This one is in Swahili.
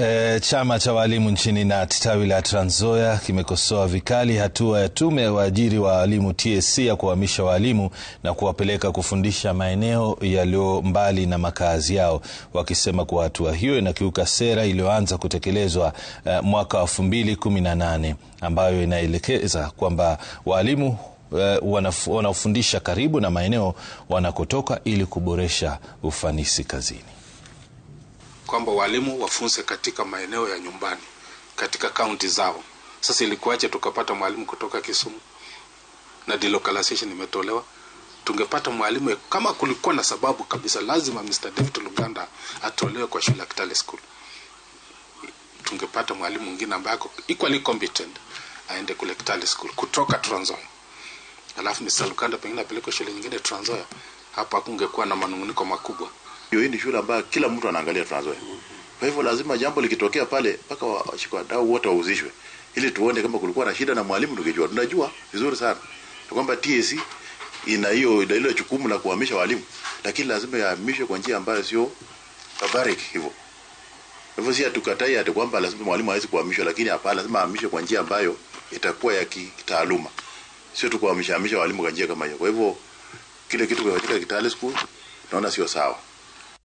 E, chama cha walimu nchini KNUT tawi la Tranzoya kimekosoa vikali hatua ya tume ya waajiri wa walimu TSC ya kuhamisha walimu na kuwapeleka kufundisha maeneo yaliyo mbali na makazi yao, wakisema kuwa hatua hiyo inakiuka sera iliyoanza kutekelezwa e, mwaka wa 2018 ambayo inaelekeza kwamba walimu e, wanaofundisha karibu na maeneo wanakotoka ili kuboresha ufanisi kazini kwamba walimu wafunze katika maeneo ya nyumbani katika kaunti zao. Sasa ilikuwaje tukapata mwalimu kutoka Kisumu na delocalization imetolewa? Tungepata mwalimu kama kulikuwa na sababu kabisa, lazima Mr. David Luganda atolewe kwa shule ya Kitale School, tungepata mwalimu mwingine ambaye equally competent aende kule Kitale School kutoka Trans Nzoia, alafu Mr. Luganda pengine apelekwe shule nyingine Trans Nzoia. Hapa kungekuwa na manunguniko makubwa hiyo hii ni shule ambayo kila mtu anaangalia Trans Nzoia. Kwa hivyo lazima jambo likitokea pale mpaka washikadau wote wauzishwe ili tuone kama kulikuwa na shida na mwalimu tukijua. Tunajua vizuri sana kwamba TSC ina hiyo ile jukumu la kuhamisha walimu, lakini lazima yahamishwe kwa njia ambayo sio tabarik hivyo. Hivyo si atukatai ati kwamba lazima mwalimu aweze kuhamishwa, lakini hapana, lazima ahamishwe kwa njia ambayo itakuwa ya kitaaluma, sio tu kuhamisha hamisha walimu kwa njia kama hiyo. Kwa hivyo kile kitu kwa katika Kitale School naona sio sawa.